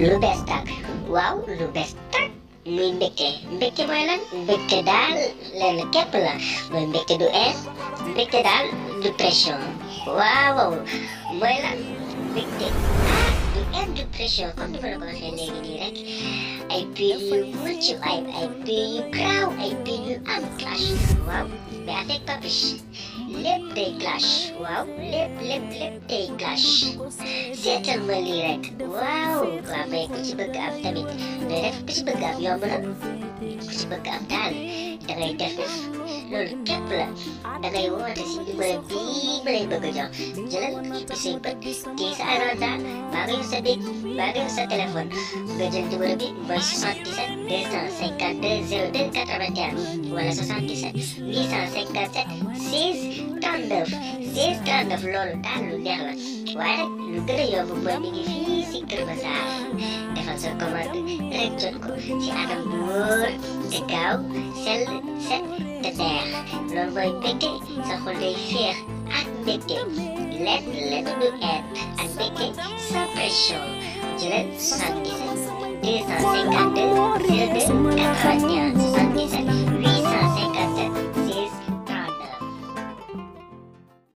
lu bees waaw lu bees tàkk muy mbégte mbégte mooy lan mbégte daal la mooy mbégte du ees mbégte daal du pression waaw mooy lan mbégte du ees du pression comme ni ma la ko waxee ay prix yu mucc ay ay prix yu ay prix waaw mais avec Papiche lépp day clash waaw lépp lépp lépp day clash seetal ma lii rek waaw waaw mais ku ci bëgg am tamit nga def ku ci bëgg am yomb na ku ci bëgg am daal da ngay def loolu képp la da ngay woote si numéro bii. balik bëgg jëlal sëñ bët kii sa alal daa baa nga yor sa bic baa nga yor sa téléphone nga jël numéro bi mooy 77 252 02 81 wala sa 857 6 39 6 39 loolu daal lu neex la waaye nag lu gën a yomb mooy mi ngi fii si Kër Massar defal sa commande rek jot ko si Adam Moore, ikaw, sel, set faire. Loolu mooy mbégte sa xol day féex ak mbégte let let du être ak mbégte sans pression jëlal 77 252 02 80